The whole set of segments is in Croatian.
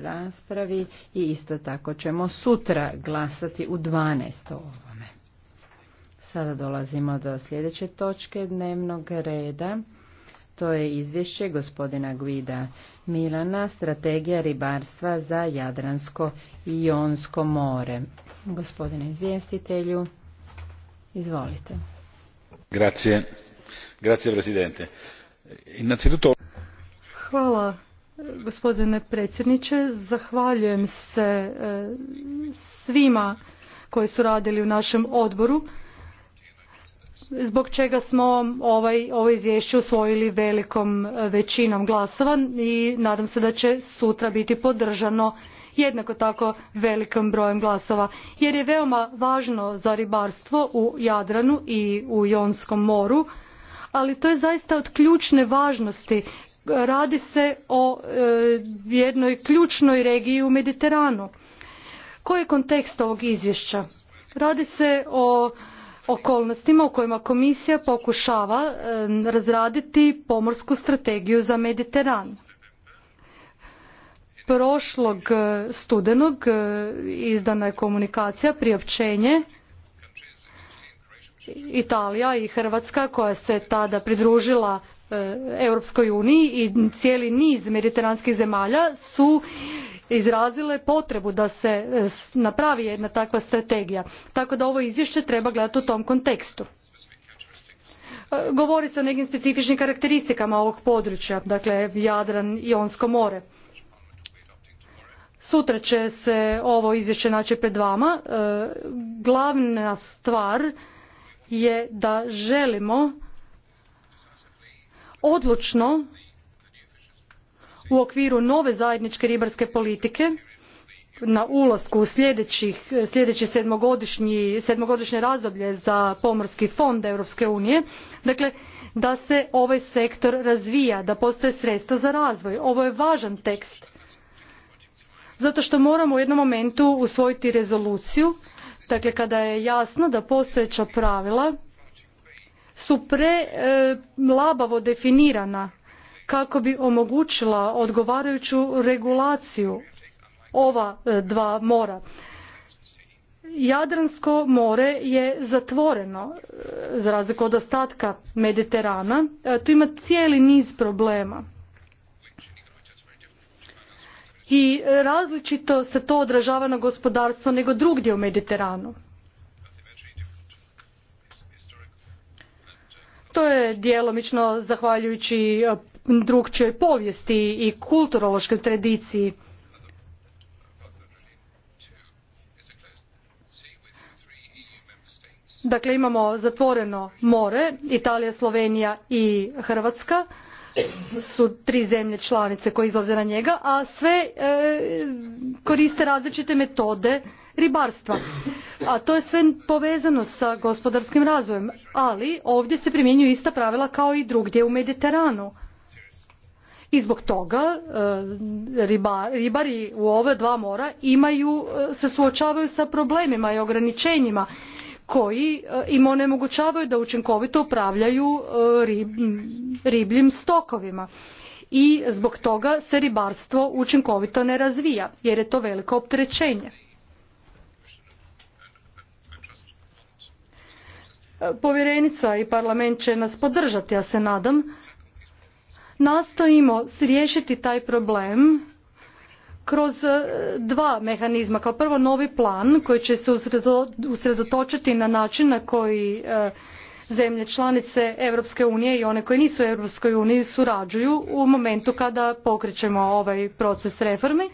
raspravi i isto tako ćemo sutra glasati u 12. ovome. Sada dolazimo do sljedeće točke dnevnog reda. To je izvješće gospodina Guida Milana, strategija ribarstva za Jadransko i Jonsko more. Gospodine izvjestitelju, izvolite. Grazie. Grazie, Presidente. Innanzitutto... Hvala Gospodine predsjedniče, zahvaljujem se e, svima koji su radili u našem odboru zbog čega smo ovaj, ovo izvješće usvojili velikom e, većinom glasova i nadam se da će sutra biti podržano jednako tako velikim brojem glasova jer je veoma važno za ribarstvo u Jadranu i u Jonskom moru ali to je zaista od ključne važnosti radi se o e, jednoj ključnoj regiji u Mediteranu. Koji je kontekst ovog izvješća? Radi se o okolnostima u kojima komisija pokušava e, razraditi pomorsku strategiju za Mediteran. Prošlog e, studenog izdana je komunikacija, priopćenje Italija i Hrvatska koja se tada pridružila Eh, Europskoj uniji i cijeli niz mediteranskih zemalja su izrazile potrebu da se eh, napravi jedna takva strategija tako da ovo izvješće treba gledati u tom kontekstu eh, govori se o nekim specifičnim karakteristikama ovog područja dakle jadran i jonsko more sutra će se ovo izvješće naći pred vama glavna stvar je da želimo odlučno u okviru nove zajedničke ribarske politike na ulasku u sljedeće sedmogodišnje razdoblje za pomorski fond europske unije dakle da se ovaj sektor razvija da postoje sredstva za razvoj. ovo je važan tekst zato što moramo u jednom momentu usvojiti rezoluciju dakle kada je jasno da postojeća pravila su pre e, definirana kako bi omogućila odgovarajuću regulaciju ova e, dva mora. Jadransko more je zatvoreno e, za razliku od ostatka Mediterana. Tu ima cijeli niz problema. I različito se to odražava na gospodarstvo nego drugdje u Mediteranu. je djelomično zahvaljujući e, drukčijoj povijesti i kulturološkoj tradiciji. Dakle, imamo zatvoreno more, Italija, Slovenija i Hrvatska su tri zemlje članice koje izlaze na njega, a sve e, koriste različite metode ribarstva a to je sve povezano sa gospodarskim razvojem ali ovdje se primjenjuju ista pravila kao i drugdje u mediteranu i zbog toga e, ribari u ove dva mora imaju, e, se suočavaju sa problemima i ograničenjima koji e, im onemogućavaju da učinkovito upravljaju ribljim stokovima i zbog toga se ribarstvo učinkovito ne razvija jer je to veliko opterećenje povjerenica i parlament će nas podržati, ja se nadam. Nastojimo riješiti taj problem kroz e, dva mehanizma. Kao prvo novi plan koji će se usredotočiti na način na koji e, zemlje članice Europske unije i one koje nisu u Europskoj uniji surađuju u momentu kada pokrećemo ovaj proces reformi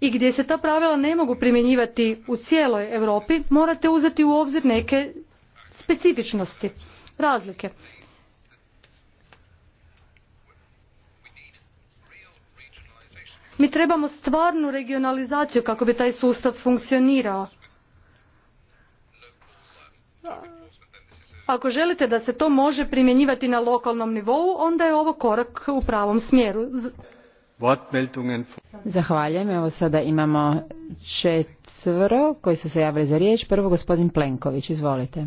i gdje se ta pravila ne mogu primjenjivati u cijeloj Europi morate uzeti u obzir neke specifičnosti, razlike. Mi trebamo stvarnu regionalizaciju kako bi taj sustav funkcionirao. Ako želite da se to može primjenjivati na lokalnom nivou, onda je ovo korak u pravom smjeru. Zahvaljujem. Evo sada imamo četvro koji su se javili za riječ. Prvo gospodin Plenković, izvolite.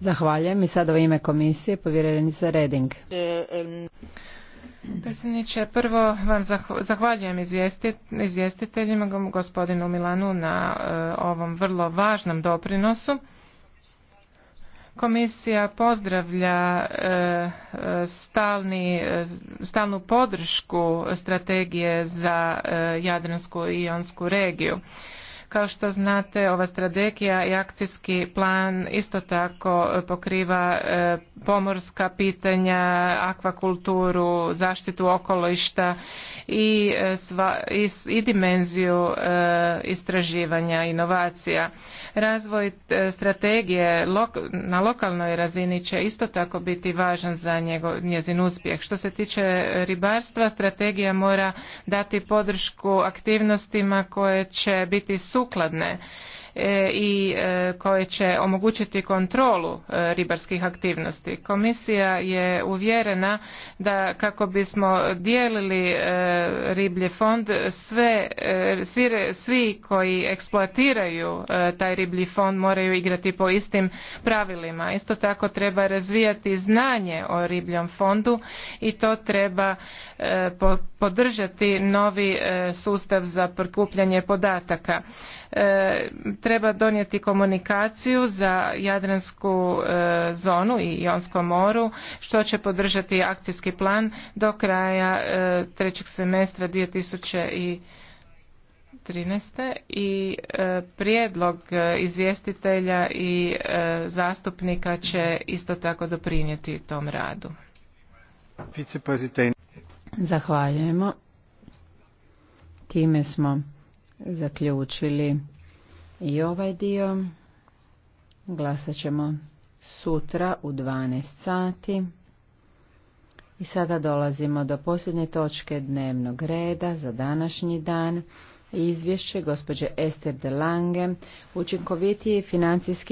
Zahvaljujem i sada u ime komisije povjerenica Reding. Predsjedniče, prvo vam zahvaljujem izvjestiteljima gospodinu Milanu na e, ovom vrlo važnom doprinosu. Komisija pozdravlja e, e, stalnu podršku strategije za Jadransku i Ionsku regiju. Kao što znate, ova strategija i akcijski plan isto tako e, pokriva e, pomorska pitanja, akvakulturu, zaštitu okolišta i, e, sva, i, i dimenziju istraživanja, inovacija. Razvoj strategije na lokalnoj razini će isto tako biti važan za njezin uspjeh. Što se tiče ribarstva, strategija mora dati podršku aktivnostima koje će biti su sukladne E, i e, koje će omogućiti kontrolu e, ribarskih aktivnosti. Komisija je uvjerena da kako bismo dijelili riblji fond, sve, svi, svi koji eksploatiraju taj riblji fond moraju igrati po istim pravilima. Isto tako treba razvijati znanje o ribljom fondu i to treba podržati novi sustav za prikupljanje podataka E, treba donijeti komunikaciju za Jadransku e, zonu i Jonskom moru što će podržati akcijski plan do kraja e, trećeg semestra 2013. i prijedlog izvjestitelja i zastupnika će isto tako doprinijeti tom radu. Zahvaljujemo. Time smo zaključili i ovaj dio. Glasat ćemo sutra u 12 sati. I sada dolazimo do posljednje točke dnevnog reda za današnji dan. Izvješće gospođe Ester de Lange, učinkovitiji financijski